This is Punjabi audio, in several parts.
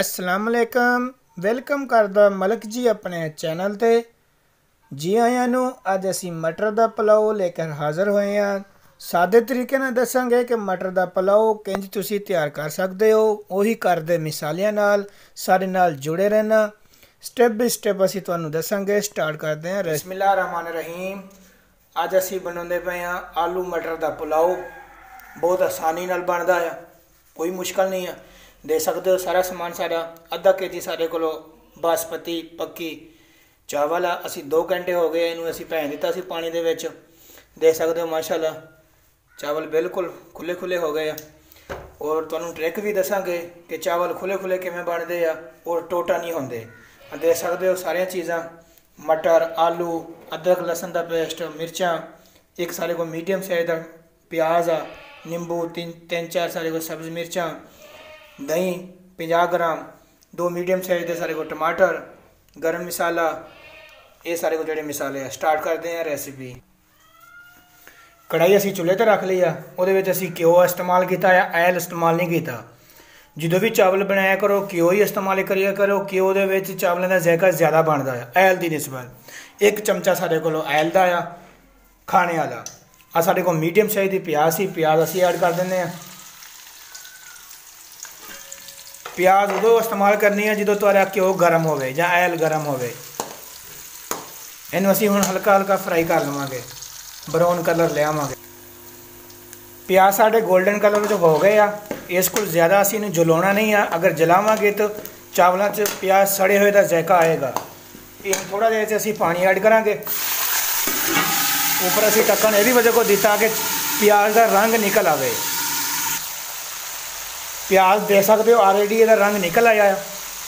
ਅਸਲਾਮ ਅਲੈਕਮ ਵੈਲਕਮ ਕਰਦਾ ਮਲਕ ਜੀ ਆਪਣੇ ਚੈਨਲ ਤੇ ਜੀ ਆਇਆਂ ਨੂੰ ਅੱਜ ਅਸੀਂ ਮਟਰ ਦਾ ਪਲਾਓ ਲੈ ਕੇ ਹਾਜ਼ਰ ਹੋਏ ਆ ਸਾਦੇ ਤਰੀਕੇ ਨਾਲ ਦੱਸਾਂਗੇ ਕਿ ਮਟਰ ਦਾ ਪਲਾਓ ਕਿੰਜ ਤੁਸੀਂ ਤਿਆਰ ਕਰ ਸਕਦੇ ਹੋ ਉਹੀ ਕਰਦੇ ਮਿਸਾਲਿਆਂ ਨਾਲ ਸਾਡੇ ਨਾਲ ਜੁੜੇ ਰਹਿਣਾ ਸਟੈਪ ਬਾਈ ਸਟੈਪ ਅਸੀਂ ਤੁਹਾਨੂੰ ਦੱਸਾਂਗੇ ਸਟਾਰਟ ਕਰਦੇ ਹਾਂ ਬismillah ਰਹਿਮਾਨ ਰਹੀਮ ਅੱਜ ਅਸੀਂ ਬਣਾਉਂਦੇ ਪਏ ਆ ਆਲੂ ਮਟਰ ਦਾ ਪਲਾਓ ਬਹੁਤ ਆਸਾਨੀ ਨਾਲ ਬਣਦਾ ਆ ਕੋਈ ਮੁਸ਼ਕਲ ਨਹੀਂ ਆ ਦੇ ਸਕਦੇ ਹੋ ਸਾਰਾ ਸਮਾਨ ਸਾਡਾ ਅੱਧਾ ਕੇਜੀ ਸਾਡੇ ਕੋਲੋਂ ਬਾਸਪਤੀ ਪੱਕੀ ਚਾਵਲ ਆ ਅਸੀਂ 2 ਘੰਟੇ ਹੋ ਗਏ ਇਹਨੂੰ ਅਸੀਂ ਭੈਣ ਦਿੱਤਾ ਸੀ ਪਾਣੀ ਦੇ ਵਿੱਚ ਦੇਖ ਸਕਦੇ ਹੋ ਮਾਸ਼ਾਅੱਲਾ ਚਾਵਲ ਬਿਲਕੁਲ ਖੁੱਲੇ ਖੁੱਲੇ ਹੋ ਗਏ ਆ ਔਰ ਤੁਹਾਨੂੰ ਟ੍ਰਿਕ ਵੀ ਦੱਸਾਂਗੇ ਕਿ ਚਾਵਲ ਖੁੱਲੇ ਖੁੱਲੇ ਕਿਵੇਂ ਬਣਦੇ ਆ ਔਰ ਟੋਟਾ ਨਹੀਂ ਹੁੰਦੇ ਦੇਖ ਸਕਦੇ ਹੋ ਸਾਰੀਆਂ ਚੀਜ਼ਾਂ ਮਟਰ ਆਲੂ ਅਦਰਕ ਲਸਣ ਦਾ ਪੇਸਟ ਮਿਰਚਾਂ ਇੱਕ ਸਾਰੇ ਕੋ ਮੀਡੀਅਮ ਸਾਈਜ਼ ਦਾ ਪਿਆਜ਼ ਆ ਨਿੰਬੂ ਤਿੰਨ ਤਿੰਨ ਚਾਰ ਸਾਰੇ ਕੋ ਸਬਜ਼ ਮਿਰਚਾਂ ਦਹੀਂ 50 ਗ੍ਰਾਮ ਦੋ ਮੀਡੀਅਮ ਸਾਈਜ਼ ਦੇ ਸਾਰੇ ਕੋ ਟਮਾਟਰ ਗਰਮ ਮਸਾਲਾ ਇਹ ਸਾਰੇ ਕੋ ਜਿਹੜੇ ਮਸਾਲੇ ਆ ਸਟਾਰਟ ਕਰਦੇ ਆ ਰੈਸਿਪੀ ਕੜਾਈ ਅਸੀਂ ਚੁੱਲ੍ਹੇ ਤੇ ਰੱਖ ਲਈ ਆ ਉਹਦੇ ਵਿੱਚ ਅਸੀਂ ਕਿਉ ਇਸਤੇਮਾਲ ਕੀਤਾ ਆ ਆਇਲ ਇਸਤੇਮਾਲ ਨਹੀਂ ਕੀਤਾ ਜਦੋਂ ਵੀ ਚਾਵਲ ਬਣਾਇਆ ਕਰੋ ਕਿਉ ਹੀ ਇਸਤੇਮਾਲ ਕਰਿਆ ਕਰੋ ਕਿਉ ਦੇ ਵਿੱਚ ਚਾਵਲਾਂ ਦਾ ਜ਼ਾਇਕਾ ਜ਼ਿਆਦਾ ਬਣਦਾ ਆ ਆਇਲ ਦੀ ਨਿਸਬਤ ਇੱਕ ਚਮਚਾ ਸਾਡੇ ਕੋਲ ਆਇਲ ਦਾ ਆ ਖਾਣੇ ਵਾਲਾ ਆ ਸਾਡੇ ਕੋਲ ਮੀਡੀਅਮ ਸਾਈਜ਼ ਦੀ ਪਿਆਜ਼ ਸੀ ਪਿਆਜ਼ ਅਸੀਂ ਐਡ ਕਰ ਦਿੰਦੇ ਆ ਪਿਆਜ਼ ਉਦੋਂ ਇਸਤੇਮਾਲ ਕਰਨੀ ਹੈ ਜਦੋਂ ਤੁਹਾਡਾ ਘਿਓ ਗਰਮ ਹੋਵੇ ਜਾਂ ਆਇਲ ਗਰਮ ਹੋਵੇ ਇਹਨੂੰ ਅਸੀਂ ਹੁਣ ਹਲਕਾ ਹਲਕਾ ਫਰਾਈ ਕਰ ਲਵਾਂਗੇ ਬਰਾਊਨ ਕਲਰ ਲੈ ਆਵਾਂਗੇ ਪਿਆਜ਼ ਸਾਡੇ 골ਡਨ ਕਲਰ ਵਿੱਚ ਹੋ ਗਏ ਆ ਇਸ ਕੋਲ ਜ਼ਿਆਦਾ ਅਸੀਂ ਇਹਨੂੰ ਜਲਾਉਣਾ ਨਹੀਂ ਆ ਅਗਰ ਜਲਾਵਾਂਗੇ ਤਾਂ ਚਾਵਲਾਂ 'ਚ ਪਿਆਜ਼ ਸੜੇ ਹੋਏ ਦਾ ਜ਼ਾਇਕਾ ਆਏਗਾ ਇਹ ਥੋੜਾ ਜਿਹਾ ਇੱਥੇ ਅਸੀਂ ਪਾਣੀ ਐਡ ਕਰਾਂਗੇ ਉੱਪਰ ਅਸੀਂ ਟੱਕਣ ਇਹ ਵੀ ਵਜ੍ਹਾ ਕੋ ਦਿੱਤਾ ਕਿ ਪਿਆਜ਼ ਦਾ ਰੰਗ ਨਿਕਲ ਆਵੇ ਪਿਆਜ਼ ਦੇ ਸਕਦੇ ਹੋ ਆਲਰੇਡੀ ਇਹਦਾ ਰੰਗ ਨਿਕਲ ਆਇਆ ਆ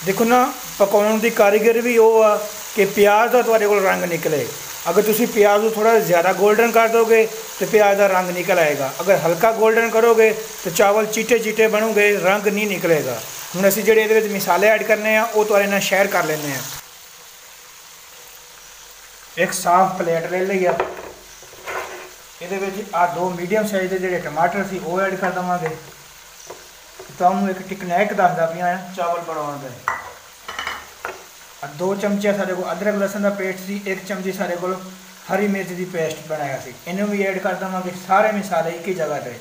ਦੇਖੋ ਨਾ ਪਕਾਉਣ ਦੀ ਕਾਰੀਗਰ ਵੀ ਉਹ ਆ ਕਿ ਪਿਆਜ਼ ਦਾ ਤੁਹਾਡੇ ਕੋਲ ਰੰਗ ਨਿਕਲੇ ਅਗਰ ਤੁਸੀਂ ਪਿਆਜ਼ ਨੂੰ ਥੋੜਾ ਜ਼ਿਆਦਾ 골ਡਨ ਕਰ ਦੋਗੇ ਤੇ ਪਿਆਜ਼ ਦਾ ਰੰਗ ਨਿਕਲ ਆਏਗਾ ਅਗਰ ਹਲਕਾ 골ਡਨ ਕਰੋਗੇ ਤੇ ਚਾਵਲ ਚੀਟੇ ਚੀਟੇ ਬਣੋਗੇ ਰੰਗ ਨਹੀਂ ਨਿਕਲੇਗਾ ਹੁਣ ਅਸੀਂ ਜਿਹੜੇ ਇਹਦੇ ਵਿੱਚ ਮਸਾਲੇ ਐਡ ਕਰਨੇ ਆ ਉਹ ਤੁਹਾਡੇ ਨਾਲ ਸ਼ੇਅਰ ਕਰ ਲੈਂਦੇ ਆ ਇੱਕ ਸਾਫ ਪਲੇਟ ਲੈ ਲਈ ਆ ਇਹਦੇ ਵਿੱਚ ਆ ਦੋ ਮੀਡੀਅਮ ਸਾਈਜ਼ ਦੇ ਜਿਹੜੇ ਟਮਾਟਰ ਸੀ ਉਹ ਐਡ ਕਰ ਦਵਾਂਗੇ ਤੁਹਾਨੂੰ ਇੱਕ ਟਿਕਨੈਕ ਦੱਸਦਾ ਪਿਆ ਚਾਵਲ ਬਣਾਉਣ ਦਾ ਆ ਦੋ ਚਮਚੇ ਸਾਡੇ ਕੋਲ ਅਦਰਕ ਲਸਣ ਦਾ ਪੇਸਟ ਸੀ ਇੱਕ ਚਮਚੀ ਸਾਡੇ ਕੋਲ ਹਰੀ ਮਿਰਚ ਦੀ ਪੇਸਟ ਬਣਾਇਆ ਸੀ ਇਹਨੂੰ ਵੀ ਐਡ ਕਰ ਦਵਾਂਗੇ ਸਾਰੇ ਮਸਾਲੇ ਇੱਕ ਹੀ ਜਗ੍ਹਾ ਤੇ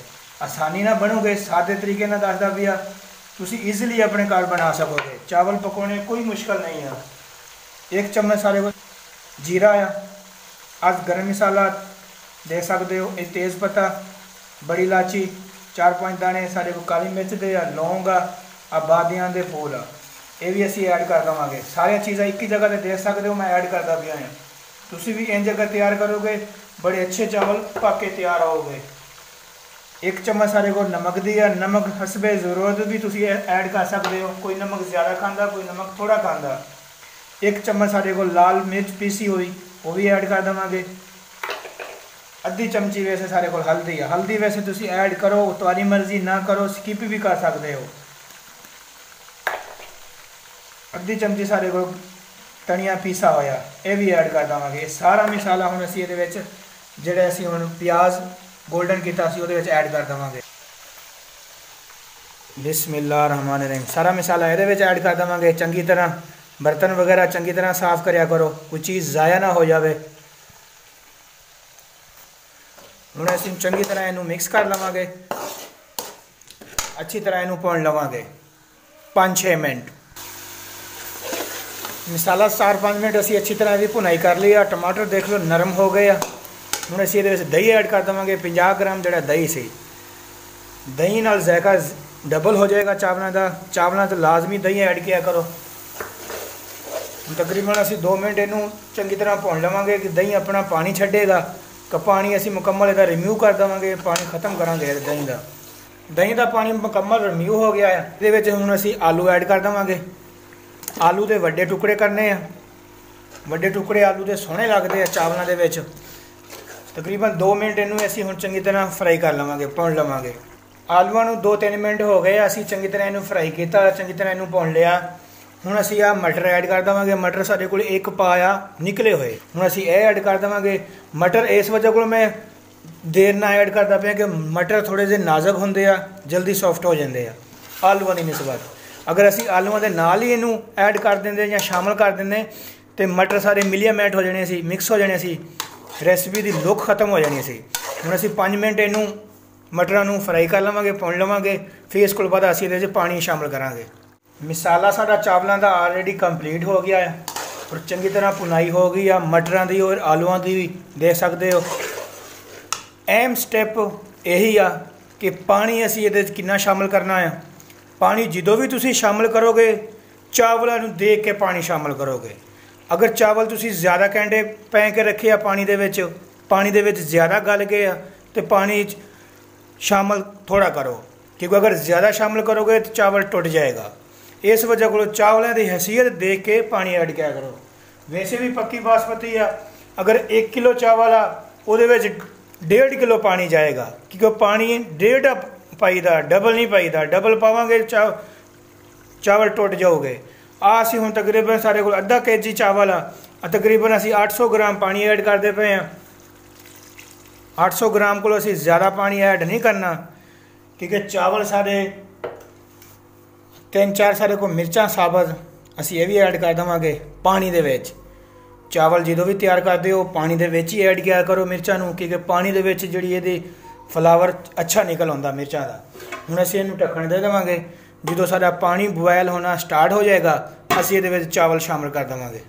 ਆਸਾਨੀ ਨਾਲ ਬਣੂਗੇ ਸਾਦੇ ਤਰੀਕੇ ਨਾਲ ਦੱਸਦਾ ਪਿਆ ਤੁਸੀਂ ਈਜ਼ੀਲੀ ਆਪਣੇ ਘਰ ਬਣਾ ਸਕੋਗੇ ਚਾਵਲ ਪਕਾਉਣੇ ਕੋਈ ਮੁਸ਼ਕਲ ਨਹੀਂ ਆ ਇੱਕ ਚਮਚ ਸਾਰੇ ਕੋਲ ਜੀਰਾ ਆ ਅੱਜ ਗਰਮ ਮਸਾਲਾ ਦੇ ਸਕਦੇ ਹੋ ਇਹ ਤੇਜ਼ ਪਤਾ ਬੜੀ ਇਲਾਚੀ ਚਾਰ ਪੰਜ ਦਾਣੇ ਸਾਡੇ ਕੋਲ ਕਾਲੀ ਮਿਰਚ ਦੇ ਆ ਲੌਂਗ ਆ ਆਬਾਦੀਆਂ ਦੇ ਫੁੱਲ ਆ ਇਹ ਵੀ ਅਸੀਂ ਐਡ ਕਰ ਦਵਾਂਗੇ ਸਾਰੀਆਂ ਚੀਜ਼ਾਂ ਇੱਕ ਹੀ ਜਗ੍ਹਾ ਤੇ ਦੇਖ ਸਕਦੇ ਹੋ ਮੈਂ ਐਡ ਕਰਦਾ ਪਿਆ ਹਾਂ ਤੁਸੀਂ ਵੀ ਇੰਜ ਜਗ੍ਹਾ ਤਿਆਰ ਕਰੋਗੇ ਬੜੇ ਅੱਛੇ ਚਾਵਲ ਪੱਕੇ ਕੇ ਤਿਆਰ ਹੋਗੇ ਇੱਕ ਚਮਚ ਸਾਰੇ ਕੋਲ ਨਮਕ ਦੀ ਆ ਨਮਕ ਹਸਬੇ ਜ਼ਰੂਰਤ ਵੀ ਤੁਸੀਂ ਐਡ ਕਰ ਸਕਦੇ ਹੋ ਕੋਈ ਨਮਕ ਜ਼ਿਆਦਾ ਖਾਂਦਾ ਕੋਈ ਨਮਕ ਥੋੜਾ ਖਾਂਦਾ ਇੱਕ ਚਮਚ ਸਾਡੇ ਕੋਲ ਲਾਲ ਮਿਰਚ ਪੀਸੀ ਹੋਈ ਉਹ ਵੀ ਐਡ ਕਰ ਦਵਾਂਗੇ ਅੱਧੀ ਚਮਚੀ ਵੈਸੇ ਸਾਰੇ ਕੋਲ ਹਲਦੀ ਆ ਹਲਦੀ ਵੈਸੇ ਤੁਸੀਂ ਐਡ ਕਰੋ ਤੁਹਾਡੀ ਮਰਜ਼ੀ ਨਾ ਕਰੋ ਸਕਿਪ ਵੀ ਕਰ ਸਕਦੇ ਹੋ ਅੱਧੀ ਚਮਚੀ ਸਾਰੇ ਕੋਲ ਤਣੀਆਂ ਪੀਸਾ ਹੋਇਆ ਇਹ ਵੀ ਐਡ ਕਰ ਦਵਾਂਗੇ ਸਾਰਾ ਮਸਾਲਾ ਹੁਣ ਅਸੀਂ ਇਹਦੇ ਵਿੱਚ ਜਿਹੜਾ ਅਸੀਂ ਹੁਣ ਪਿਆਜ਼ ਗੋਲਡਨ ਕੀਤਾ ਸੀ ਉਹਦੇ ਵਿੱਚ ਐਡ ਕਰ ਦਵਾਂਗੇ ਬਿਸਮਿਲ੍ਲਾ ਰਹਿਮਾਨ ਰਹਿਮ ਸਾਰਾ ਮਸਾਲਾ ਇਹਦੇ ਵਿੱਚ ਐਡ ਕਰ ਦਵਾਂਗੇ ਚੰਗੀ ਤਰ੍ਹਾਂ ਬਰਤਨ ਵਗੈਰਾ ਚੰਗੀ ਤਰ੍ਹਾਂ ਸਾਫ਼ ਕਰਿਆ ਕਰੋ ਕੋਈ ਚੀਜ਼ ਜ਼ਾਇਆ ਨਾ ਹੋ ਜਾਵੇ ਹੁਣ ਅਸੀਂ ਚੰਗੀ ਤਰ੍ਹਾਂ ਇਹਨੂੰ ਮਿਕਸ ਕਰ ਲਵਾਂਗੇ ਅੱਛੀ ਤਰ੍ਹਾਂ ਇਹਨੂੰ ਪਾਉਣ ਲਵਾਂਗੇ 5-6 ਮਿੰਟ ਮਸਾਲਾ 4-5 ਮਿੰਟ ਅਸੀਂ ਅੱਛੀ ਤਰ੍ਹਾਂ ਇਹਦੀ ਭੁਨਾਈ ਕਰ ਲਈ ਆ ਟਮਾਟਰ ਦੇਖ ਲਓ ਨਰਮ ਹੋ ਗਏ ਆ ਹੁਣ ਅਸੀਂ ਇਹਦੇ ਵਿੱਚ ਦਹੀਂ ਐਡ ਕਰ ਦਵਾਂਗੇ 50 ਗ੍ਰਾਮ ਜਿਹੜਾ ਦਹੀਂ ਸੀ ਦਹੀਂ ਨਾਲ ਜ਼ਾਇਕਾ ਡਬਲ ਹੋ ਜਾਏਗਾ ਚਾਵਲਾਂ ਦਾ ਚਾਵਲਾਂ ਤੇ ਲਾਜ਼ਮੀ ਦਹੀਂ ਐਡ ਕਿਆ ਕਰੋ ਤਕਰੀਬਨ ਅਸੀਂ 2 ਮਿੰਟ ਇਹਨੂੰ ਚੰਗੀ ਤਰ੍ਹਾਂ ਭੁੰਨ ਲਵਾਂਗੇ ਕਿ ਦਹੀਂ ਆਪਣਾ ਪਾਣੀ ਛੱਡੇਗਾ ਤਾਂ ਪਾਣੀ ਅਸੀਂ ਮੁਕੰਮਲ ਇਹਦਾ ਰਿਮੂਵ ਕਰ ਦਵਾਂਗੇ ਪਾਣੀ ਖਤਮ ਕਰਾਂਗੇ ਦਹੀਂ ਦਾ ਦਹੀਂ ਦਾ ਪਾਣੀ ਮੁਕੰਮਲ ਰਿਮੂਵ ਹੋ ਗਿਆ ਹੈ ਇਹਦੇ ਵਿੱਚ ਹੁਣ ਅਸੀਂ ਆਲੂ ਐਡ ਕਰ ਦਵਾਂਗੇ ਆਲੂ ਦੇ ਵੱਡੇ ਟੁਕੜੇ ਕਰਨੇ ਆ ਵੱਡੇ ਟੁਕੜੇ ਆਲੂ ਦੇ ਸੋਹਣੇ ਲੱਗਦੇ ਆ ਚਾਵਲਾਂ ਦੇ ਵਿੱਚ ਤਕਰੀਬਨ 2 ਮਿੰਟ ਇਹਨੂੰ ਅਸੀਂ ਹੁਣ ਚੰਗੀ ਤਰ੍ਹਾਂ ਫਰਾਈ ਕਰ ਲਵਾਂਗੇ ਪਾਉਣ ਲਵਾਂਗੇ ਆਲੂਆਂ ਨੂੰ 2-3 ਮਿੰਟ ਹੋ ਗਏ ਅਸੀਂ ਚੰਗੀ ਤਰ੍ਹਾਂ ਇਹਨੂੰ ਫਰਾਈ ਕੀਤਾ ਚੰਗੀ ਤਰ੍ਹਾਂ ਇਹਨੂੰ ਪਾਉਣ ਲਿਆ ਹੁਣ ਅਸੀਂ ਆ ਮਟਰ ਐਡ ਕਰ ਦਵਾਂਗੇ ਮਟਰ ਸਾਡੇ ਕੋਲ ਇੱਕ ਪਾਇਆ ਨਿਕਲੇ ਹੋਏ ਹੁਣ ਅਸੀਂ ਇਹ ਐਡ ਕਰ ਦਵਾਂਗੇ ਮਟਰ ਇਸ ਵਜ੍ਹਾ ਕੋਲ ਮੈਂ ਦੇਰ ਨਾਲ ਐਡ ਕਰਦਾ ਪਿਆ ਕਿ ਮਟਰ ਥੋੜੇ ਜਿਹਾ ਨਾਜ਼ਕ ਹੁੰਦੇ ਆ ਜਲਦੀ ਸੌਫਟ ਹੋ ਜਾਂਦੇ ਆ ਆਲੂਆਂ ਦੀ ਨਿਸਬਤ ਅਗਰ ਅਸੀਂ ਆਲੂਆਂ ਦੇ ਨਾਲ ਹੀ ਇਹਨੂੰ ਐਡ ਕਰ ਦਿੰਦੇ ਜਾਂ ਸ਼ਾਮਲ ਕਰ ਦਿੰਦੇ ਤੇ ਮਟਰ ਸਾਰੇ ਮਿਲੀਆ ਮੈਟ ਹੋ ਜਾਣੇ ਸੀ ਮਿਕਸ ਹੋ ਜਾਣੇ ਸੀ ਰੈਸਪੀ ਦੀ ਲੁੱਕ ਖਤਮ ਹੋ ਜਾਣੀ ਸੀ ਹੁਣ ਅਸੀਂ 5 ਮਿੰਟ ਇਹਨੂੰ ਮਟਰਾਂ ਨੂੰ ਫਰਾਈ ਕਰ ਲਵਾਂਗੇ ਪੁੰਨ ਲਵਾਂਗੇ ਫਿਰ ਇਸ ਕੋਲ ਬਾਅਦ ਅਸੀਂ ਇਹਦੇ ਵਿੱਚ ਪਾਣੀ ਸ਼ਾਮਲ ਕਰਾਂਗੇ ਮਸਾਲਾ ਸਾਡਾ ਚਾਵਲਾਂ ਦਾ ਆਲਰੇਡੀ ਕੰਪਲੀਟ ਹੋ ਗਿਆ ਹੈ ਔਰ ਚੰਗੀ ਤਰ੍ਹਾਂ ਪੁਨਾਈ ਹੋ ਗਈ ਆ ਮਟਰਾਂ ਦੀ ਔਰ ਆਲੂਆਂ ਦੀ ਵੀ ਦੇਖ ਸਕਦੇ ਹੋ ਐਮ ਸਟੈਪ ਇਹੀ ਆ ਕਿ ਪਾਣੀ ਅਸੀਂ ਇਹਦੇ ਵਿੱਚ ਕਿੰਨਾ ਸ਼ਾਮਲ ਕਰਨਾ ਆ ਪਾਣੀ ਜਦੋਂ ਵੀ ਤੁਸੀਂ ਸ਼ਾਮਲ ਕਰੋਗੇ ਚਾਵਲਾਂ ਨੂੰ ਦੇਖ ਕੇ ਪਾਣੀ ਸ਼ਾਮਲ ਕਰੋਗੇ ਅਗਰ ਚਾਵਲ ਤੁਸੀਂ ਜ਼ਿਆਦਾ ਕੈਂਡੇ ਪੈ ਕੇ ਰੱਖੇ ਆ ਪਾਣੀ ਦੇ ਵਿੱਚ ਪਾਣੀ ਦੇ ਵਿੱਚ ਜ਼ਿਆਦਾ ਗਲ ਗਏ ਆ ਤੇ ਪਾਣੀ ਵਿੱਚ ਸ਼ਾਮਲ ਥੋੜਾ ਕਰੋ ਕਿਉਂਕਿ ਅਗਰ ਜ਼ਿਆਦਾ ਸ਼ਾਮਲ ਕਰੋਗੇ ਤਾਂ ਚਾਵਲ ਟੁੱਟ ਜਾਏਗਾ ਇਸ ਵਜ੍ਹਾ ਕੋਲ ਚਾਵਲਾਂ ਦੀ ਹਸੀਅਤ ਦੇਖ ਕੇ ਪਾਣੀ ਐਡ ਕਿਆ ਕਰੋ ਵੈਸੇ ਵੀ ਪੱਕੀ ਬਾਸਮਤੀ ਆ ਅਗਰ 1 ਕਿਲੋ ਚਾਵਲ ਆ ਉਹਦੇ ਵਿੱਚ 1.5 ਕਿਲੋ ਪਾਣੀ ਜਾਏਗਾ ਕਿਉਂਕਿ ਪਾਣੀ 1.5 ਪਾਈਦਾ ਡਬਲ ਨਹੀਂ ਪਾਈਦਾ ਡਬਲ ਪਾਵਾਂਗੇ ਚਾਵਲ ਟੁੱਟ ਜਾਓਗੇ ਆ ਅਸੀਂ ਹੁਣ ਤਕਰੀਬਨ ਸਾਰੇ ਕੋਲ ਅੱਧਾ ਕੇਜੀ ਚਾਵਲ ਆ ਤਕਰੀਬਨ ਅਸੀਂ 800 ਗ੍ਰਾਮ ਪਾਣੀ ਐਡ ਕਰਦੇ ਪਏ ਆ 800 ਗ੍ਰਾਮ ਕੋਲ ਅਸੀਂ ਜ਼ਿਆਦਾ ਪਾਣੀ ਐਡ ਨਹੀਂ ਕਰਨਾ ਕਿਉਂਕਿ ਚਾਵਲ ਸਾਡੇ ਤਿੰਨ ਚਾਰ ਸਾਰੇ ਕੋ ਮਿਰਚਾਂ ਸਾਬਤ ਅਸੀਂ ਇਹ ਵੀ ਐਡ ਕਰ ਦਵਾਂਗੇ ਪਾਣੀ ਦੇ ਵਿੱਚ ਚਾਵਲ ਜਦੋਂ ਵੀ ਤਿਆਰ ਕਰਦੇ ਹੋ ਪਾਣੀ ਦੇ ਵਿੱਚ ਹੀ ਐਡ ਕਿਆ ਕਰੋ ਮਿਰਚਾਂ ਨੂੰ ਕਿਉਂਕਿ ਪਾਣੀ ਦੇ ਵਿੱਚ ਜਿਹੜੀ ਇਹਦੀ ਫਲਾਵਰ ਅੱਛਾ ਨਿਕਲ ਆਉਂਦਾ ਮਿਰਚਾਂ ਦਾ ਹੁਣ ਅਸੀਂ ਇਹਨੂੰ ਢੱਕਣ ਦੇ ਦੇਵਾਂਗੇ ਜਦੋਂ ਸਾਡਾ ਪਾਣੀ ਬੁਆਇਲ ਹੋਣਾ ਸਟਾਰਟ ਹੋ ਜਾਏਗਾ ਅਸੀਂ ਇਹਦੇ ਵਿੱਚ ਚਾਵਲ ਸ਼ਾਮਿਲ ਕਰ ਦਵਾਂਗੇ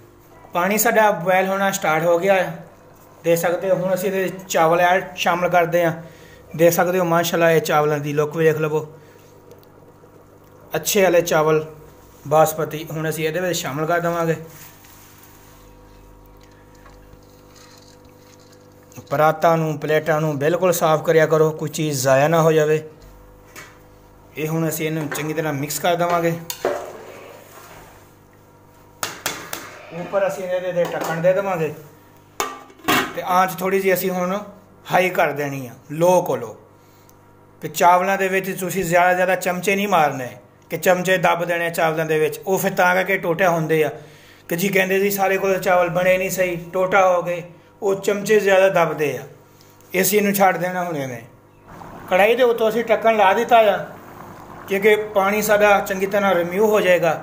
ਪਾਣੀ ਸਾਡਾ ਬੁਆਇਲ ਹੋਣਾ ਸਟਾਰਟ ਹੋ ਗਿਆ ਦੇਖ ਸਕਦੇ ਹੋ ਹੁਣ ਅਸੀਂ ਇਹਦੇ ਚਾਵਲ ਐਡ ਸ਼ਾਮਿਲ ਕਰਦੇ ਆਂ ਦੇਖ ਸਕਦੇ ਹੋ ਮਾਸ਼ਾਅੱਲਾ ਇਹ ਚਾਵਲਾਂ ਦੀ ਲੁੱਕ ਵੇਖ ਲਵੋ ਅੱਛੇ ਵਾਲੇ ਚਾਵਲ ਬਾਸਪਤੀ ਹੁਣ ਅਸੀਂ ਇਹਦੇ ਵਿੱਚ ਸ਼ਾਮਲ ਕਰ ਦਵਾਂਗੇ ਪਰਾਤਾਂ ਨੂੰ ਪਲੇਟਾਂ ਨੂੰ ਬਿਲਕੁਲ ਸਾਫ਼ ਕਰਿਆ ਕਰੋ ਕੋਈ ਚੀਜ਼ ਜ਼ਾਇਆ ਨਾ ਹੋ ਜਾਵੇ ਇਹ ਹੁਣ ਅਸੀਂ ਇਹਨੂੰ ਚੰਗੀ ਤਰ੍ਹਾਂ ਮਿਕਸ ਕਰ ਦਵਾਂਗੇ ਉੱਪਰ ਅਸੀਂ ਇਹਦੇ ਦੇ ਟੱਕਣ ਦੇ ਦਵਾਂਗੇ ਤੇ ਆਂਚ ਥੋੜੀ ਜੀ ਅਸੀਂ ਹੁਣ ਹਾਈ ਕਰ ਦੇਣੀ ਆ ਲੋ ਕੋ ਲੋ ਤੇ ਚਾਵਲਾਂ ਦੇ ਵਿੱਚ ਤੁਸੀਂ ਜ਼ਿਆਦਾ ਜ਼ਿਆਦਾ ਚਮਚੇ ਨਹੀਂ ਮਾਰਨੇ ਕਿ ਚਮਚੇ ਦੱਬ ਦੇਣੇ ਚਾਵਲਾਂ ਦੇ ਵਿੱਚ ਉਹ ਫਿਰ ਤਾਂ ਕਰਕੇ ਟੋਟੇ ਹੁੰਦੇ ਆ ਕਿ ਜੀ ਕਹਿੰਦੇ ਸੀ ਸਾਰੇ ਕੋਲ ਚਾਵਲ ਬਣੇ ਨਹੀਂ ਸਹੀ ਟੋਟਾ ਹੋ ਗਏ ਉਹ ਚਮਚੇ ਜ਼ਿਆਦਾ ਦੱਬਦੇ ਆ ਇਸ ਨੂੰ ਛੱਡ ਦੇਣਾ ਹੁਣੇ ਨੇ ਕੜਾਈ ਦੇ ਉੱਤੋਂ ਅਸੀਂ ਟੱਕਣ ਲਾ ਦਿੱਤਾ ਆ ਕਿਉਂਕਿ ਪਾਣੀ ਸਾਡਾ ਚੰਗੀ ਤਰ੍ਹਾਂ ਰਿਮਿਊ ਹੋ ਜਾਏਗਾ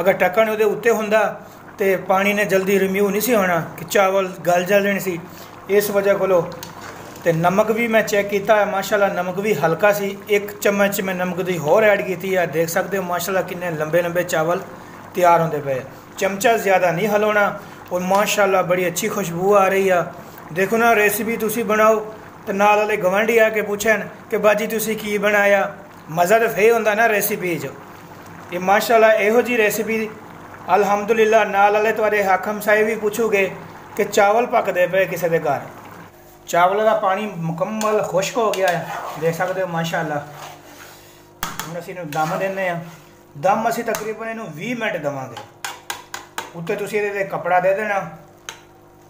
ਅਗਰ ਟੱਕਣ ਉਹਦੇ ਉੱਤੇ ਹੁੰਦਾ ਤੇ ਪਾਣੀ ਨੇ ਜਲਦੀ ਰਿਮਿਊ ਨਹੀਂ ਸੀ ਹੋਣਾ ਕਿ ਚਾਵਲ ਗਲ ਜਾਣੇ ਸੀ ਇਸ ਵਜ੍ਹਾ ਕੋਲੋਂ ਤੇ ਨਮਕ ਵੀ ਮੈਂ ਚੈੱਕ ਕੀਤਾ ਹੈ ਮਾਸ਼ਾਅੱਲਾ ਨਮਕ ਵੀ ਹਲਕਾ ਸੀ ਇੱਕ ਚਮਚ ਮੈਂ ਨਮਕ ਦੀ ਹੋਰ ਐਡ ਕੀਤੀ ਹੈ ਦੇਖ ਸਕਦੇ ਹੋ ਮਾਸ਼ਾਅੱਲਾ ਕਿੰਨੇ ਲੰਬੇ ਲੰਬੇ ਚਾਵਲ ਤਿਆਰ ਹੁੰਦੇ ਪਏ ਚਮਚਾ ਜ਼ਿਆਦਾ ਨਹੀਂ ਹਲਾਉਣਾ ਔਰ ਮਾਸ਼ਾਅੱਲਾ ਬੜੀ ਅੱਛੀ ਖੁਸ਼ਬੂ ਆ ਰਹੀ ਆ ਦੇਖੋ ਨਾ ਰੈਸਿਪੀ ਤੁਸੀਂ ਬਣਾਓ ਤੇ ਨਾਲ ਵਾਲੇ ਗਵੰਡੀ ਆ ਕੇ ਪੁੱਛਣ ਕਿ ਬਾਜੀ ਤੁਸੀਂ ਕੀ ਬਣਾਇਆ ਮਜ਼ਾ ਤਾਂ ਫੇ ਹੁੰਦਾ ਨਾ ਰੈਸਿਪੀ 'ਚ ਇਹ ਮਾਸ਼ਾਅੱਲਾ ਇਹੋ ਜੀ ਰੈਸਿਪੀ ਅਲਹਮਦੁਲਿਲਾ ਨਾਲ ਵਾਲੇ ਤੁਹਾਡੇ ਹਾਕਮ ਸਾਹਿਬ ਵੀ ਪੁੱਛੂਗੇ ਕਿ ਚਾਵਲ ਪੱਕਦੇ ਪਏ ਕਿਸੇ ਦੇ ਘਰ ਚਾਵਲ ਦਾ ਪਾਣੀ ਮੁਕੰਮਲ ਖੁਸ਼ਕ ਹੋ ਗਿਆ ਹੈ ਦੇਖ ਸਕਦੇ ਹੋ ਮਾਸ਼ਾਅੱਲਾ ਹੁਣ ਅਸੀਂ ਇਹਨੂੰ ਦਮ ਦਿੰਨੇ ਆ ਦਮ ਅਸੀਂ ਤਕਰੀਬਨ ਇਹਨੂੰ 20 ਮਿੰਟ ਦਵਾਂਗੇ ਉੱਤੇ ਤੁਸੀਂ ਇਹਦੇ ਤੇ ਕਪੜਾ ਦੇ ਦੇਣਾ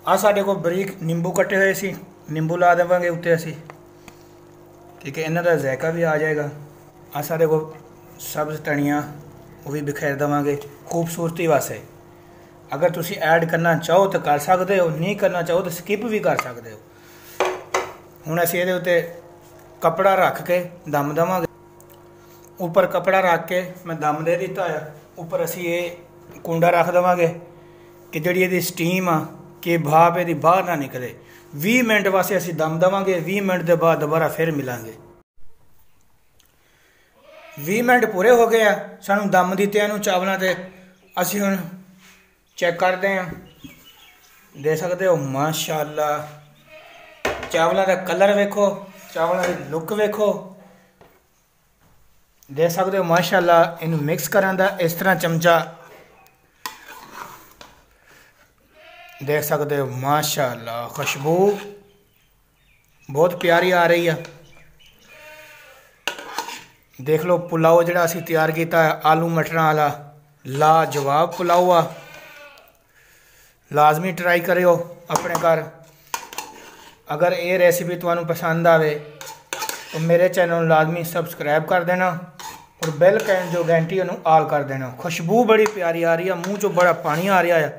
ਆ ਸਾਡੇ ਕੋਲ ਬਰੀਕ ਨਿੰਬੂ ਕੱਟੇ ਹੋਏ ਸੀ ਨਿੰਬੂ ਲਾ ਦੇਵਾਂਗੇ ਉੱਤੇ ਅਸੀਂ ਠੀਕ ਹੈ ਇਹਨਾਂ ਦਾ ਜ਼ਾਇਕਾ ਵੀ ਆ ਜਾਏਗਾ ਆ ਸਾਡੇ ਕੋਲ ਸਬਜ਼ ਤਣੀਆਂ ਉਹ ਵੀ ਬਿਖੇਰ ਦਵਾਂਗੇ ਖੂਬਸੂਰਤੀ ਵਾਸਤੇ ਅਗਰ ਤੁਸੀਂ ਐਡ ਕਰਨਾ ਚਾਹੋ ਤਾਂ ਕਰ ਸਕਦੇ ਹੋ ਨਹੀਂ ਕਰਨਾ ਚਾਹੋ ਤਾਂ ਸਕਿਪ ਵੀ ਕਰ ਸਕਦੇ ਹੋ ਹੁਣ ਅਸੀਂ ਇਹਦੇ ਉੱਤੇ ਕਪੜਾ ਰੱਖ ਕੇ ਦਮ ਦਵਾਂਗੇ ਉੱਪਰ ਕਪੜਾ ਰੱਖ ਕੇ ਮੈਂ ਦਮ ਦੇ ਦਿੱਤਾ ਆ ਉੱਪਰ ਅਸੀਂ ਇਹ ਕੁੰਡਾ ਰੱਖ ਦਵਾਂਗੇ ਕਿ ਜਿਹੜੀ ਇਹਦੀ ਸਟੀਮ ਆ ਕਿ ਭਾਪ ਇਹਦੀ ਬਾਹਰ ਨਾ ਨਿਕਲੇ 20 ਮਿੰਟ ਵਾਸਤੇ ਅਸੀਂ ਦਮ ਦਵਾਂਗੇ 20 ਮਿੰਟ ਦੇ ਬਾਅਦ ਦੁਬਾਰਾ ਫਿਰ ਮਿਲਾਂਗੇ 20 ਮਿੰਟ ਪੂਰੇ ਹੋ ਗਏ ਆ ਸਾਨੂੰ ਦਮ ਦਿੱਤਿਆਂ ਨੂੰ ਚਾਵਲਾਂ ਤੇ ਅਸੀਂ ਹੁਣ ਚੈੱਕ ਕਰਦੇ ਆ ਦੇ ਸਕਦੇ ਹੋ ਮਾਸ਼ਾਅੱਲਾ ਚਾਵਲਾਂ ਦਾ ਕਲਰ ਵੇਖੋ ਚਾਵਲਾਂ ਦੀ ਲੁੱਕ ਵੇਖੋ ਦੇਖ ਸਕਦੇ ਹੋ ਮਾਸ਼ਾਅੱਲਾ ਇਹਨੂੰ ਮਿਕਸ ਕਰਨ ਦਾ ਇਸ ਤਰ੍ਹਾਂ ਚਮਚਾ ਦੇਖ ਸਕਦੇ ਹੋ ਮਾਸ਼ਾਅੱਲਾ ਖੁਸ਼ਬੂ ਬਹੁਤ ਪਿਆਰੀ ਆ ਰਹੀ ਆ ਦੇਖ ਲਓ ਪੁਲਾਓ ਜਿਹੜਾ ਅਸੀਂ ਤਿਆਰ ਕੀਤਾ ਹੈ ਆਲੂ ਮਟਰਾਂ ਵਾਲਾ ਲਾਜਵਾਬ ਪੁਲਾਓ ਆ ਲਾਜ਼ਮੀ ਟਰਾਈ ਕਰਿਓ ਆਪਣੇ ਘਰ ਅਗਰ ਇਹ ਰੈਸਿਪੀ ਤੁਹਾਨੂੰ ਪਸੰਦ ਆਵੇ ਤਾਂ ਮੇਰੇ ਚੈਨਲ ਨੂੰ ਲਾਜ਼ਮੀ ਸਬਸਕ੍ਰਾਈਬ ਕਰ ਦੇਣਾ ਔਰ ਬੈਲ ਕੈਨ ਜੋ ਘੰਟੀ ਨੂੰ ਆਲ ਕਰ ਦੇਣਾ ਖੁਸ਼ਬੂ ਬੜੀ ਪਿਆਰੀ ਆ ਰਹੀ ਆ ਮੂੰਹ ਚੋਂ ਬੜਾ ਪਾਣੀ ਆ ਰਿਹਾ ਆ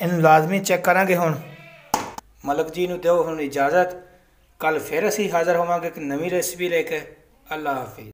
ਇਹਨੂੰ ਲਾਜ਼ਮੀ ਚੈੱਕ ਕਰਾਂਗੇ ਹੁਣ ਮਲਕ ਜੀ ਨੂੰ ਦਿਓ ਹੁਣ ਇਜਾਜ਼ਤ ਕੱਲ ਫਿਰ ਅਸੀਂ ਹਾਜ਼ਰ ਹੋਵਾਂਗੇ ਇੱਕ ਨਵੀਂ ਰੈਸਿਪੀ ਲੈ ਕੇ ਅੱਲਾ ਹਾਫਿਜ਼